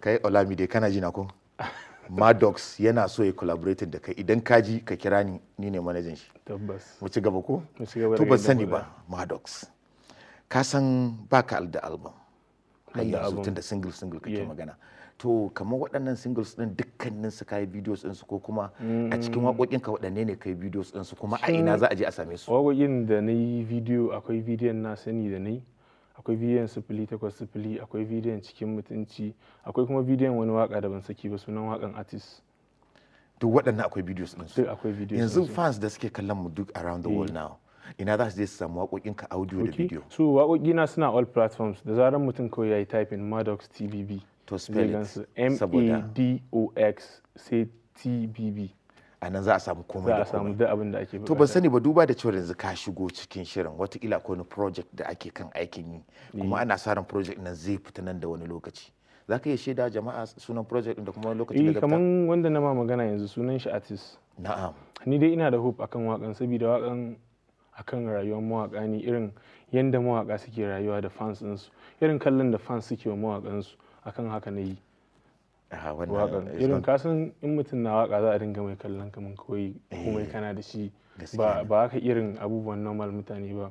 [SPEAKER 7] kai Olamide kana jina ko Maddox yana so ya collaborating da kai idan ka ji ka kira ni ni ne manajan shi tabbas mu ci gaba ko to ban sani ba Maddox ka san baka alda album har yanzu tunda single single kake magana to kamar waɗannan singles ɗin dukkanin su kai videos ɗinsu ko kuma a mm. cikin waƙoƙin ka
[SPEAKER 8] waɗanne ne kai videos ɗinsu kuma a ina za a je a same su waƙoƙin da na yi video akwai bidiyon na sani da na akwai bidiyon sifili takwas sifili akwai bidiyon cikin mutunci akwai kuma bidiyon wani waka da ban saki ba sunan wakan artist duk waɗannan akwai videos ɗin su akwai
[SPEAKER 7] bidiyos yanzu fans da suke kallon mu
[SPEAKER 8] duk around the world eh. now ina za su je su samu wakokin ka audio da video so waƙoƙi na suna all platforms da zaran mutum kawai yayi typing Maddox TBB to spell it M A D O X sai TBB a nan za a samu komai da samu duk abin da ake to ban sani
[SPEAKER 7] ba duba da cewa yanzu ka shigo cikin shirin watakila ko wani project da ake kan aikin yi kuma eh. ana sa ran project nan zai fita nan da wani lokaci za ka iya shaida jama'a sunan project da kuma wani lokaci eh, da kaman
[SPEAKER 8] wanda na ma magana yanzu sunan shi artist na'am ni dai ina da hope akan wakan saboda wakan akan rayuwar mawaka ne irin yanda mawaka suke rayuwa da fans su irin kallon da fans suke wa su akan haka na yi waƙar irin kasan in mutum na waƙa za a dinga mai kallon kamar koyi komai eh, kana da shi ba haka irin abubuwan normal mutane ba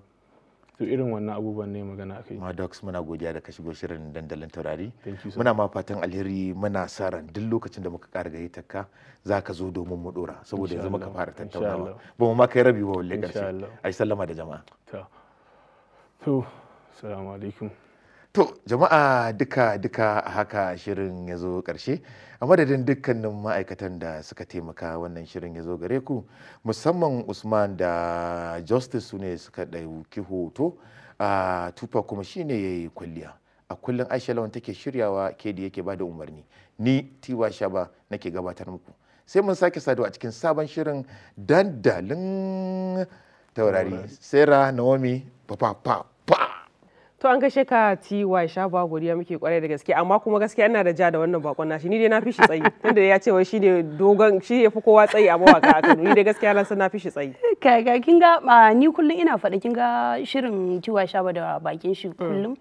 [SPEAKER 8] to irin wannan abubuwan ne magana akai
[SPEAKER 7] ma docs muna godiya da ka shigo shirin dandalin taurari muna ma fatan alheri muna sa ran duk lokacin da muka kara gayyata ka za ka zo domin mu dora saboda yanzu muka fara tattaunawa ba mu ma kai rabi ba walle ai sallama da jama'a to assalamu alaikum To jama'a duka duka haka shirin ya zo ƙarshe a madadin dukkanin ma'aikatan da suka taimaka wannan shirin ya zo gare ku musamman Usman da Justice sune suka ɗauki hoto a tufa kuma shine ya yi kwalliya. A kullum Aisha Lawan take shiryawa ke da yake bada umarni. Ni Tiwa Shaba nake gabatar muku. Sai mun sake saduwa a cikin sabon shirin dandalin taurari. Sarah Naomi Papa
[SPEAKER 3] to an kashe ka sha ba godiya muke kwarai da gaske amma kuma gaskiya ina da ja da wannan bakon nashi ni dai na fi shi tsayi tunda ya ce wai shi ne dogon shi ya fi kowa tsayi a mawaka a Kano ni dai gaskiya na san na fi shi tsayi
[SPEAKER 2] kaga kin ga ni kullum ina faɗa kin ga shirin sha ba da bakin shi mm. kullum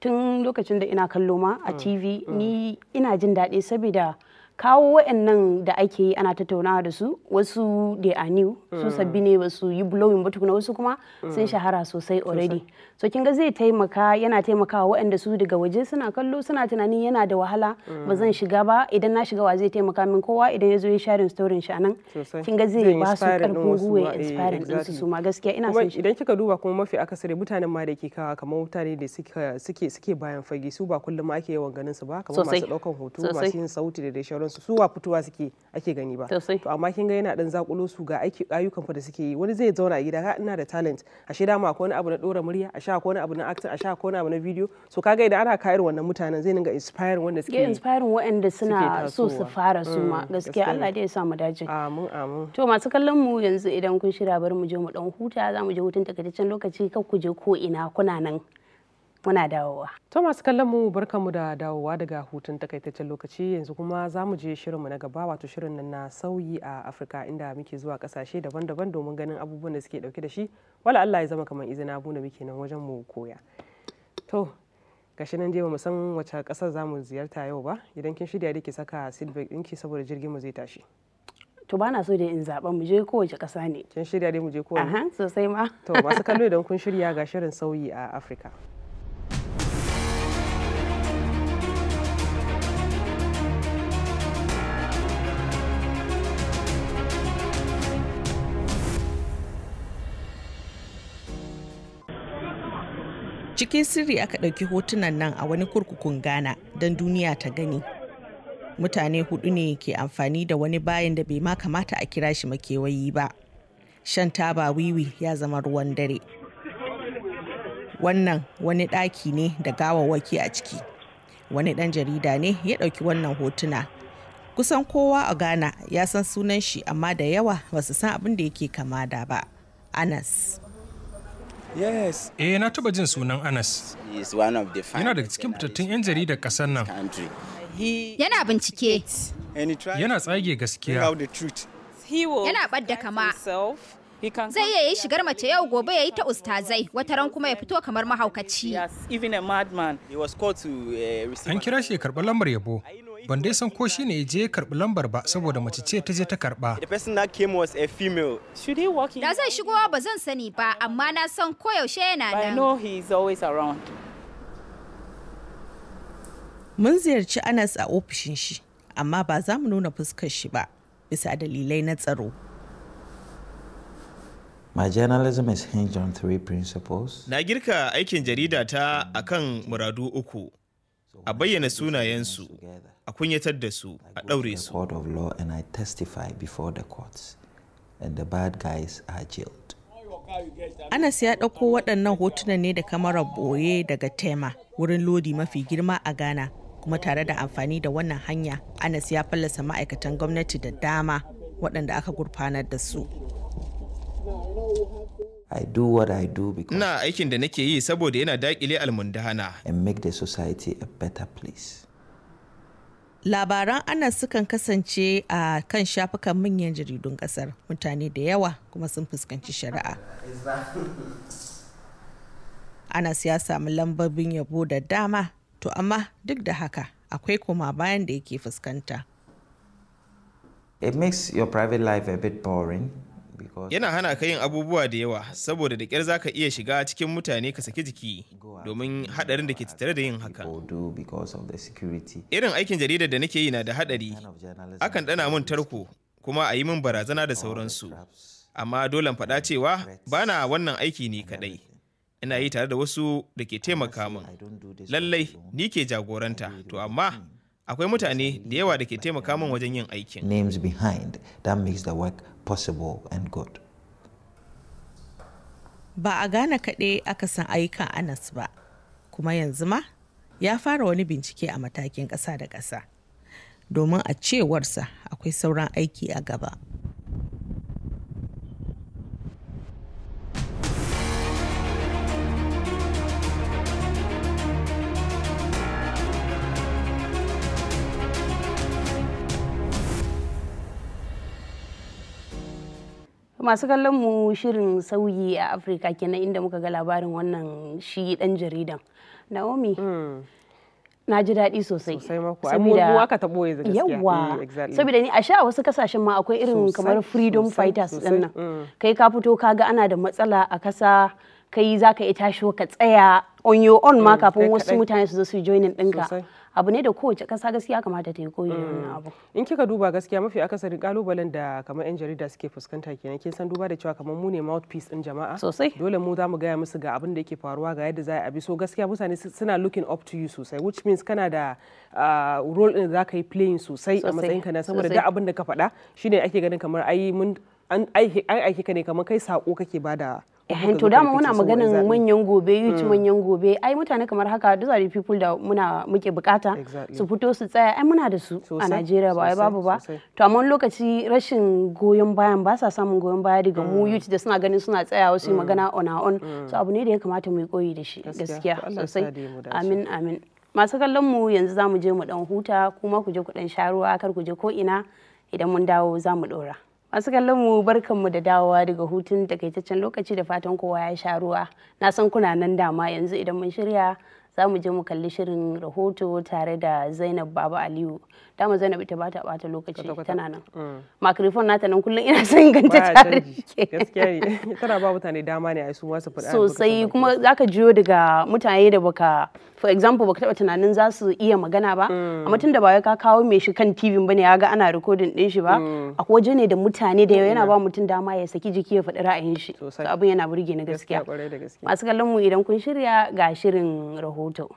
[SPEAKER 2] tun lokacin da ina kallo ma a mm. TV mm. ni ina jin daɗi saboda kawo wa'annan da ake yi ana tattaunawa da su wasu they are new su hmm. sabbi ne ba su yi blowing ba tukuna wasu kuma sun hmm. shahara sosai already so kinga zai taimaka yana taimakawa wa'anda su daga waje suna kallo suna tunanin yana da wahala hmm. ba zan shiga ba idan na shiga wa zai taimaka min kowa idan ya zo ya sharing story shi anan kinga zai ba su karfin gwiwa eh, inspiring din su ma gaskiya ina son shi
[SPEAKER 3] idan kika duba kuma mafi akasari mutanen ma da ke kawa kamar mutane da suke suke bayan fage su ba kullum ake yawan ganin su ba kamar masu daukan hoto masu yin sauti da dai sauransu su wa fitowa suke ake gani ba to amma kin ga yana dan zakulo su ga ayyukan fa da suke yi wani zai zauna a gida ka ina da talent ashe dama akwai wani abu na dora murya a sha akwai wani abu na actor a sha akwai wani abu na video so kaga idan ana kayar wannan mutanen zai dinga inspire wanda suke inspire
[SPEAKER 2] waɗanda suna so su fara su ma mm, gaskiya Allah dai ya sa mu dace amin amin to masu kallon mu yanzu idan kun shirya bari mu je mu dan huta za mu je hutun takaitaccen lokaci kar ku je ko ina kuna nan muna dawowa. To masu kallon mu mu da dawowa daga hutun
[SPEAKER 3] takaitaccen lokaci yanzu kuma za mu je mu na gaba wato shirin nan na sauyi a Afirka inda muke zuwa kasashe daban-daban domin ganin abubuwan da suke dauke da shi wala Allah ya zama kamar izina abu da muke nan wajen mu koya. To gashi nan je mu san wace kasar za mu ziyarta yau ba idan kin shirya dake saka seatbelt dinki saboda jirgin mu zai tashi. to bana so da in zaɓa mu je kowace ƙasa ne kin shirya dai mu je kowace sosai ma to masu kallo idan kun shirya ga shirin sauyi a Afirka
[SPEAKER 9] cikin sirri aka ɗauki hotunan nan a wani kurkukun ghana don duniya ta gani mutane hudu ne ke amfani da wani bayan da bai ma kamata a kira shi makewayi ba shan taba wiwi ya zama ruwan dare wannan wani ɗaki ne da gawawwaki a ciki wani ɗan jarida ne ya ɗauki wannan hotuna kusan kowa a ghana ya san sunan shi amma da yawa ba su san abin da yake kama da ba anas
[SPEAKER 8] Eh na
[SPEAKER 5] taba jin sunan Anas. Yana daga cikin fitattun 'yan jaridar ƙasar nan.
[SPEAKER 10] Yana bincike.
[SPEAKER 3] Yana tsage gaskiya.
[SPEAKER 10] Yana ɓadda kama. Zai iya yi shigar mace yau gobe ya yi ta ustazai, wata ran kuma ya fito kamar mahaukaci. Eh,
[SPEAKER 6] An kira shi ya lambar yabo. ban dai san ko shine ya je karbi lambar ba saboda mace ce ta je ta karba
[SPEAKER 10] Da zai shigowa ba zan sani ba amma na san koyaushe yana
[SPEAKER 9] nan. Mun ziyarci Anas a ofishin shi amma ba za mu nuna fuskar shi ba bisa dalilai na tsaro.
[SPEAKER 5] My journalism is hinged on three principles.
[SPEAKER 9] Na girka
[SPEAKER 5] aikin jarida ta akan muradu uku, a bayyana sunayensu, a kunyatar da su a ɗaure su. court of law and I testify before the courts and the bad guys are jailed.
[SPEAKER 9] Anas ya ɗauko waɗannan hotunan ne da kamarar boye daga tema wurin lodi mafi girma a Ghana kuma tare da amfani da wannan hanya Anas ya fallasa ma'aikatan gwamnati da dama waɗanda aka gurfanar da su.
[SPEAKER 5] I do what I do because Ina aikin da nake yi saboda yana dakile almundahana and make the society a better place.
[SPEAKER 9] labaran anas sukan kasance a kan shafukan manyan jaridun kasar mutane da yawa kuma sun fuskanci shari'a anas ya samu lambobin yabo da dama to amma duk da haka akwai koma bayan da yake fuskanta
[SPEAKER 5] it makes your private life a bit boring yana
[SPEAKER 9] hana ka yin abubuwa da yawa saboda da kyar zaka iya shiga cikin mutane ka saki
[SPEAKER 5] jiki domin hadarin da ke tattare da yin haka irin aikin jaridar da nake yi na da hadari akan dana mun tarko kuma a yi min barazana da sauransu amma dole faɗa cewa bana wannan aiki ne kaɗai ina yi tare da wasu da ke taimaka min lallai ni ke jagoranta to amma akwai mutane da yawa da ke taimaka min wajen yin aikin names behind that makes the work possible
[SPEAKER 9] and good. Ba a gane kaɗe aka san ayyukan Anas ba, kuma yanzu ma ya fara wani bincike a matakin ƙasa da ƙasa. Domin a cewarsa akwai sauran aiki a gaba.
[SPEAKER 2] masu kallon mu shirin sauyi a afirka kenan inda muka ga labarin wannan shi dan jaridan naomi hmm. na ji daɗi sosai saboda yawa eh, saboda ni a sha wasu kasashen ma akwai irin kamar freedom fighters din hmm. kai ka fito ka ga ana da matsala a kasa kai za ka iya tasho ka tsaya on your own ma mm, kafin wasu mutane su zo su joinin ɗinka abu ne da kowace ƙasa gaskiya kamata ta yi koyi mm. wannan abu
[SPEAKER 3] in kika duba gaskiya mafi akasarin kalubalen da kamar yan jarida suke fuskanta kenan kin san duba da cewa kamar mu ne mouthpiece din jama'a sosai dole mu za mu gaya musu ga abin da yake faruwa ga yadda za a bi so gaskiya mutane suna looking up to you sosai which means kana da ah, role din da za yi playing sosai a matsayinka na saboda duk abin da ka faɗa shine ake ganin kamar ai mun an aiki ka ne kamar kai sako kake bada to dama muna maganin manyan
[SPEAKER 2] gobe yuti mm. manyan gobe ai mutane kamar haka those are the people da muna muke bukata su fito su tsaya ai muna da su a Najeriya ba wai babu ba to amma lokaci rashin goyon bayan ba sa samun goyon baya daga mu mm. yuti da suna ganin suna tsaya wasu mm. magana on our own so abu ne da ya kamata mu yi koyi da shi gaskiya sosai amin amin masu kallon mu yanzu zamu je mu dan huta kuma ku je ku dan sharuwa kar ku je ko ina idan mun dawo zamu ɗora. dora masu kallon mu barkan mu da dawowa daga hutun takaitaccen lokaci da fatan kowa ya sha ruwa na san kuna nan dama yanzu idan mun shirya za mu je mu kalli shirin rahoto tare da zainab baba aliyu dama ma Zainab ita ba ta bata lokaci tana nan mm. microphone nata nan kullum ina son ganta tare gaskiya ne tana ba mutane dama ne ai su ma su faɗa sosai kuma zaka jiyo daga mutane da baka for example baka taba tunanin za su iya magana ba mm. amma tunda ba ka kawo mai shi kan TV bane ya ga ana recording din shi ba mm. akwai waje ne da mutane da yana ba mutum dama ya saki jiki ya faɗi ra'ayin shi abin yana burge na gaskiya masu kallon mu idan kun shirya ga shirin rahoto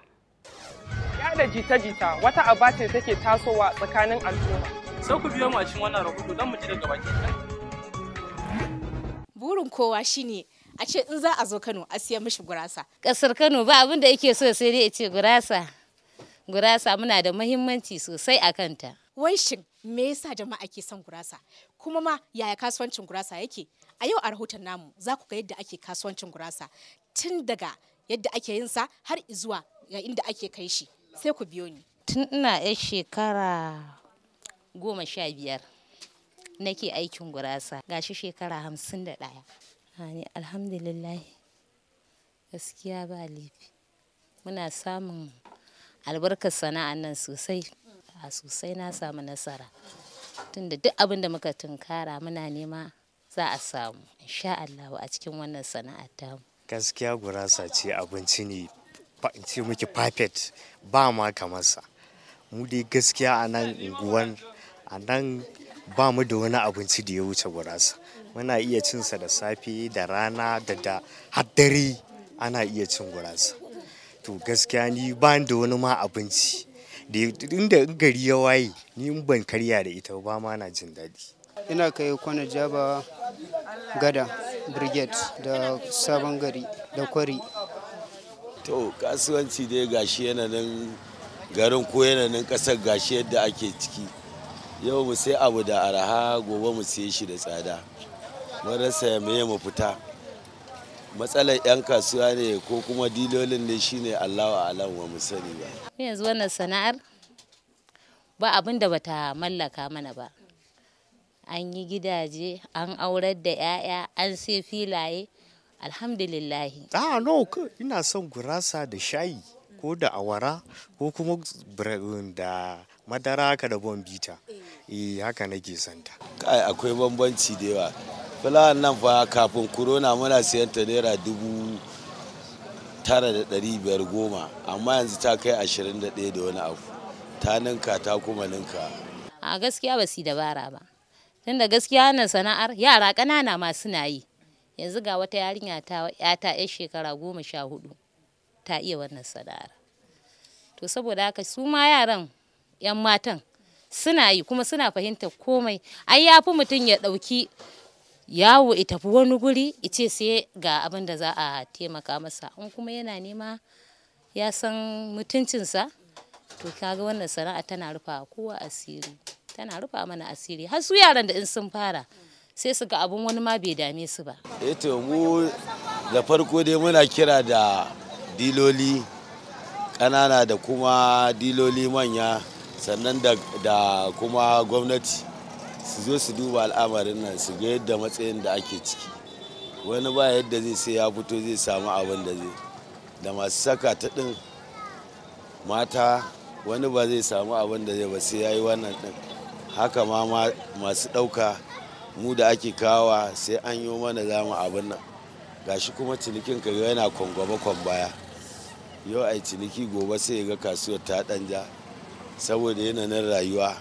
[SPEAKER 3] da jita-jita wata aba take tasowa tsakanin al'umma. Sai ku biyo mu a cikin wannan rahoto don mu ji daga baki
[SPEAKER 10] Burin kowa shine a ce in za a zo Kano a siya mishi gurasa. Kasar Kano ba abin da yake so sai dai ya ce gurasa. Gurasa muna da muhimmanci sosai a kanta. Wai shin me yasa jama'a ke son gurasa? Kuma ma yaya kasuwancin gurasa yake? A yau a rahoton namu za ku ga yadda ake kasuwancin gurasa tun daga yadda ake yin sa har zuwa ga inda ake kai shi. sai ku biyo ni tun ina yar shekara goma sha biyar nake aikin gurasa gashi shekara hamsin da ɗaya hani alhamdulillah gaskiya ba laifi muna samun albarkar sana'an nan sosai a sosai na samu nasara tunda duk abin da muka tunkara muna nema za a samu insha Allah a cikin wannan sana'ar tamu
[SPEAKER 1] gaskiya gurasa ce abinci ne in ce miki perfect ba ma kamar sa mu dai gaskiya a nan unguwan a nan ba mu da wani abinci da ya wuce gurasa muna iya cinsa da safe da rana da da haddare ana iya cin gurasa to gaskiya ni ba da wani ma abinci da inda gari ya waye ni in ban karya da ita ba ma na jin daɗi
[SPEAKER 6] ina kai kwana jaba gada brigade da sabon gari da kwari
[SPEAKER 11] to kasuwanci dai gashi yananin garin ko yananin kasar gashi yadda ake ciki yau mu sai abu da araha gobe mu siye shi da tsada mun rasa meye mu fita matsalar 'yan kasuwa ne ko kuma dilolin ne shine wa alam wa mu sani ba
[SPEAKER 10] yanzu wannan sana'ar ba abin da bata mallaka mana ba an yi gidaje an aurar da 'ya'ya an sai filaye alhamdulillahi
[SPEAKER 1] ah no ina son gurasa da shayi ko da awara ko kuma um, da madara haka da bombita eh haka nake santa kai akwai bambanci da yawa
[SPEAKER 11] fulawan nan fa kafin corona muna siyan ta naira dubu tara da ɗari biyar goma amma yanzu ta kai ashirin da ɗaya da wani abu ta ninka ta kuma ninka
[SPEAKER 10] a gaskiya ba su dabara ba tunda gaskiya wannan sana'ar yara ƙanana ma suna yi yanzu ga wata yarinya ta yata yar shekara goma sha hudu ta iya wannan sana'ar to saboda haka su ma yaran yan matan suna yi kuma suna fahimtar komai ai ya fi mutum ya ɗauki yawo ya tafi wani guri ice sai ga abin da za a taimaka masa in kuma yana nema ya san mutuncinsa to kaga wannan sana'a tana rufa kowa asiri tana rufa mana asiri har su yaran da in sun fara sai su ga abun wani ma bai dame su ba
[SPEAKER 11] eto eh mu da farko dai muna kira da diloli ƙanana da kuma diloli manya sannan da kuma gwamnati su zo su duba al'amarin nan su ga yadda matsayin da ake ciki wani ba yadda zai sai ya fito zai samu abin da zai da masu saka ta ɗin mata wani ba zai samu abin da zai ba sai ya yi wannan ɗin haka ma masu ɗauka mu da ake kawa sai an yi mana zamu abin nan gashi kuma cinikin ka yana kwangwaba kwan baya yau ai ciniki gobe sai ga kasuwar ta danja saboda yananin rayuwa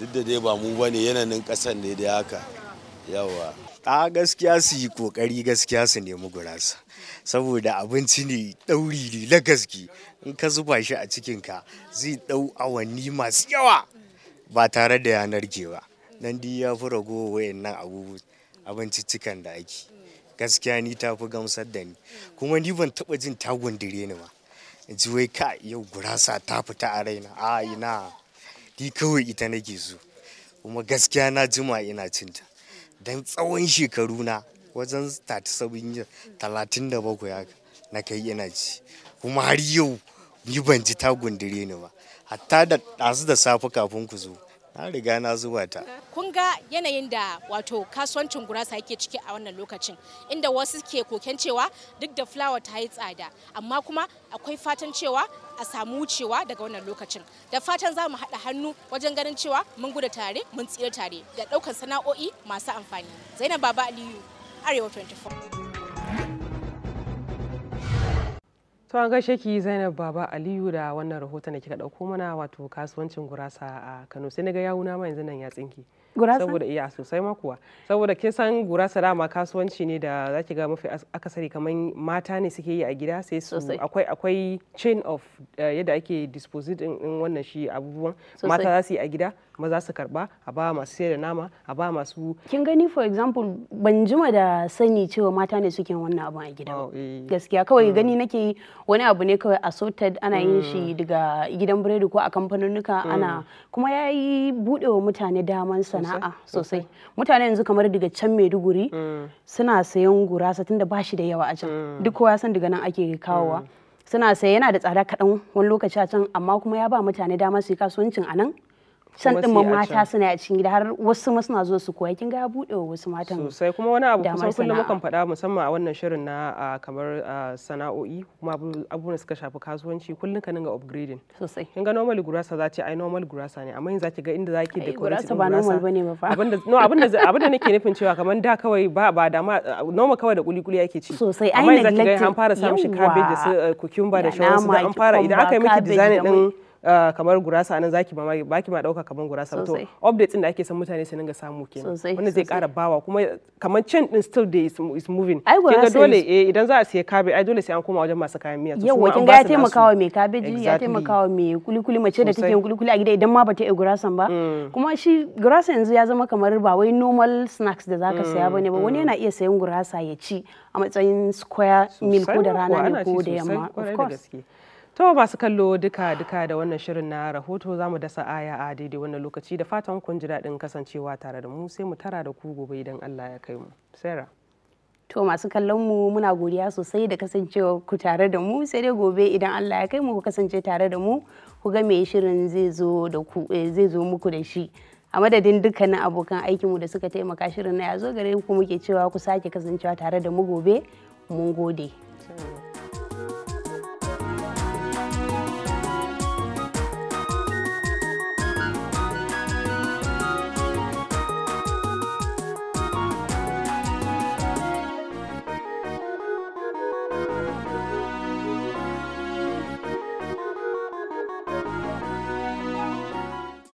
[SPEAKER 11] duk da dai ba mu bane yananin kasan ne da haka yawa
[SPEAKER 1] a gaskiya su yi kokari gaskiya su nemi gurasa saboda abinci ne ɗauri ne na gaske in ka zuba shi a cikinka zai ɗau awanni masu yawa ba tare da yanar ba nan di ya fi rago wayannan abinciccikan da ake gaskiya ni ta fi gamsar da ni kuma ni ban taba jin ta gundire ni ba ji wai ka yau gurasa ta fita a raina a ina ni kawai ita nake so kuma gaskiya na jima ina cinta don tsawon shekaru na wajen 37 37 haka na kai ina ci kuma har yau ni ban ji ta gundire ni ba hatta da su da safe kafin ku zo na riga na zuba ta
[SPEAKER 10] kun ga yanayin da wato kasuwancin gurasa yake ciki a wannan lokacin inda wasu ke koken cewa duk da fulawa ta yi tsada amma kuma akwai fatan cewa a samu wucewa daga wannan lokacin da fatan za mu haɗa hannu wajen ganin cewa mun gudu tare mun tsira tare da ɗaukar sana'o'i masu amfani zainab baba aliyu arewa 24
[SPEAKER 3] to an gaishe ki zainab baba aliyu da wannan rahoton da kika dauko mana wato kasuwancin gurasa a kano sai na ga yawuna ma yanzu nan ya tsinki saboda iya sosai ma kuwa saboda kin san gurasa dama kasuwanci ne da zaki ga mafi akasari kamar mata ne suke yi a gida sai su akwai akwai chain of eh, yadda ake disposite din wannan shi abubuwan mata za su yi a gida kuma su karba a ba masu sayar da nama a ba masu
[SPEAKER 2] kin gani for example ban jima da sani cewa mata ne suke wannan abun a gida oh, eh. gaskiya kawai hmm. gani nake wani abu ne kawai assorted ana yin shi hmm. daga gidan biredi ko a kamfanonuka ana hmm. kuma ya yi buɗe mutane daman sana'a sosai mutane yanzu kamar daga can maiduguri suna sayan gurasa tunda ba shi da yawa a can duk kowa san daga nan ake kawowa suna sai yana da tsada kaɗan wani lokaci a can amma kuma ya ba mutane dama su yi kasuwancin a nan shan ɗin mata suna a cikin gida har wasu ma suna zuwa su koya kin ga buɗe wa wasu matan sosai kuma wani abu kusan kullum mukan
[SPEAKER 3] faɗa musamman a wannan shirin na kamar sana'o'i kuma abubuwan suka shafi kasuwanci kullum ka dinga upgrading sosai kin ga normal gurasa za ce ai normal gurasa ne amma za zaki ga inda zaki da gurasa ba normal bane
[SPEAKER 2] ba fa abinda no abinda
[SPEAKER 3] abinda nake nufin cewa kamar da kawai ba ba da ma normal kawai da kulikuli yake ci sosai ai amma yanzu zaki ga an fara samun shi cabbage su eh, cucumber da shawarsu da an fara idan aka yi miki design din Ah, kamar gurasa nan zaki ba baki ma dauka kamar gurasa to updates din da ake san mutane su dinga samu kenan wanda zai kara bawa kuma kamar chain din still dey is moving kinga dole eh idan za a siya kabe ai dole sai an koma wajen masu kayan miya
[SPEAKER 10] to yawa kinga ya taimakawa
[SPEAKER 2] mai kabeji ya taimakawa mai kulikuli mace da take kulikuli a gida idan ma bata yi gurasan ba mm. kuma shi gurasa yanzu ya zama kamar ba wai normal snacks da zaka saya mm, bane ba wani mm. yana iya sayan gurasa ya ci a matsayin square meal ko da rana ne ko da yamma of course
[SPEAKER 3] To masu kallo duka duka da wannan shirin na rahoto za mu dasa aya a daidai wannan lokaci da fatan kun ji daɗin kasancewa tare da mu sai mu tara da ku gobe idan Allah ya kai mu.
[SPEAKER 2] Sarah. To masu kallon mu muna godiya sosai da kasancewa ku tare da mu sai dai gobe idan Allah ya kai mu ku kasance tare da mu ku ga me shirin zai zo da ku eh, zai zo muku da shi. A madadin dukkanin abokan aikin mu da suka taimaka shirin na ya zo gare ku muke cewa ku sake kasancewa tare da mu gobe mun gode.